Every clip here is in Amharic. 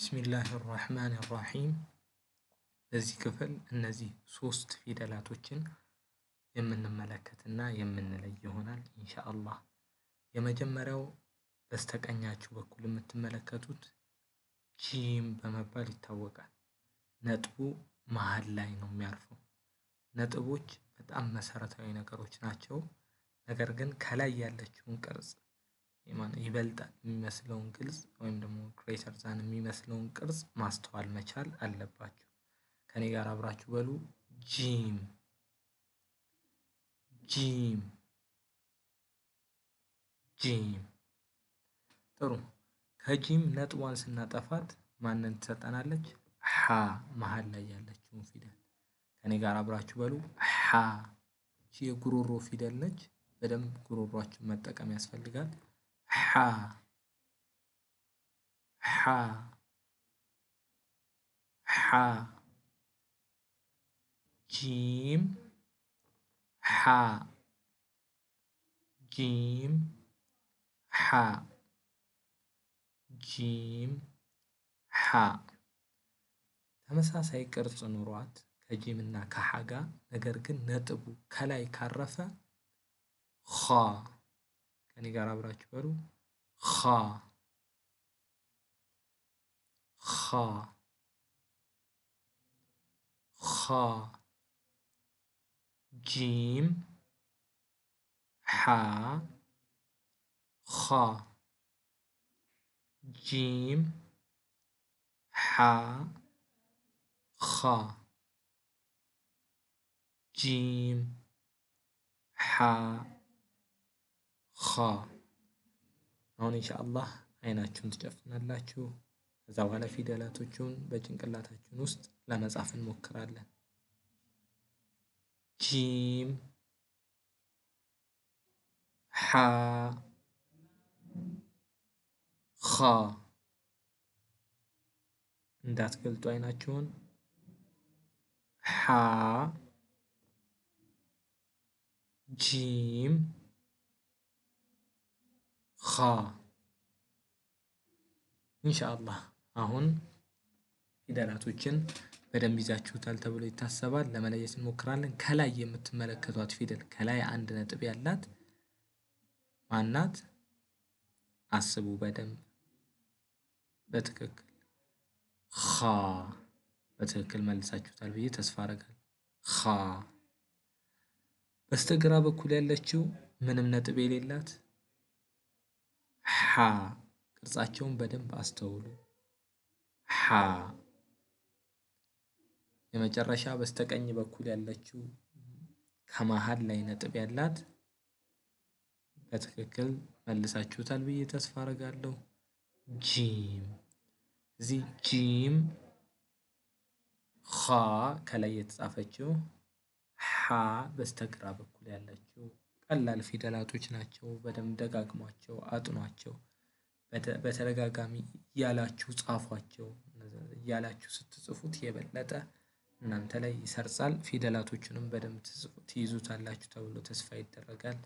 ቢስሚላህ ራህማን ራሂም በዚህ ክፍል እነዚህ ሶስት ፊደላቶችን የምንመለከትና የምንለይ ይሆናል ኢንሻአላህ። የመጀመሪያው በስተቀኛችሁ በኩል የምትመለከቱት ጂም በመባል ይታወቃል። ነጥቡ መሀል ላይ ነው የሚያርፈው። ነጥቦች በጣም መሰረታዊ ነገሮች ናቸው። ነገር ግን ከላይ ያለችውን ቅርጽ ይበልጣል የሚመስለውን ግልጽ ወይም ደግሞ ግሬተር ዛን የሚመስለውን ቅርጽ ማስተዋል መቻል አለባችሁ። ከኔ ጋር አብራችሁ በሉ ጂም ጂም ጂም። ጥሩ ከጂም ነጥቧን ስናጠፋት ማንን ትሰጠናለች? ሀ መሀል ላይ ያለችውን ፊደል ከኔ ጋር አብራችሁ በሉ ሀ። የጉሮሮ ፊደል ነች። በደንብ ጉሮሯችሁን መጠቀም ያስፈልጋል። ሓ ሓ ሓ ጂም ሓ ጂም ሓ ጂም ሓ ተመሳሳይ ቅርጽ ኑሯት ከጂም እና ከሓ ጋር ነገር ግን ነጥቡ ከላይ ካረፈ ኸ ከኔ ጋር አብራችሁ በሉ ኻ ኻ ኻ ጂም ሓ ኻ ጂም ሓ ኻ ጂም ሓ ኻ አሁን ኢንሻአላህ አይናችሁን ትጨፍናላችሁ። ከዛ በኋላ ፊደላቶቹን በጭንቅላታችን ውስጥ ለመጻፍ እንሞክራለን። ጂም ሓ ኻ እንዳትገልጡ አይናችሁን ሓ ጂም ኢንሻአላህ አሁን ፊደላቶችን በደንብ ይዛችሁታል ተብሎ ይታሰባል። ለመለየት እንሞክራለን። ከላይ የምትመለከቷት ፊደል ከላይ አንድ ነጥብ ያላት ማናት? አስቡ በደንብ በትክክል ኻ በትክክል መልሳችሁታል ብዬ ተስፋ አደርጋለሁ። ኻ በስተግራ በኩል ያለችው ምንም ነጥብ የሌላት ሓ ቅርጻቸውን በደንብ አስተውሉ። ሓ የመጨረሻ በስተቀኝ በኩል ያለችው ከመሀል ላይ ነጥብ ያላት በትክክል መልሳችሁታል ብዬ ተስፋ አደርጋለሁ። ጂም እዚህ ጂም ኻ ከላይ የተጻፈችው ሓ በስተግራ በኩል ያለችው ቀላል ፊደላቶች ናቸው። በደንብ ደጋግሟቸው አጥኗቸው በተደጋጋሚ እያላችሁ ጻፏቸው እያላችሁ ስትጽፉት የበለጠ እናንተ ላይ ይሰርጻል ፊደላቶቹንም በደንብ ትይዙታላችሁ ተብሎ ተስፋ ይደረጋል።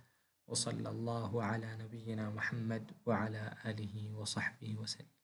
ወሰለላሁ ዐላ ነቢይና ሙሐመድ ወዐላ አሊሂ ወሰሕቢሂ ወሰለም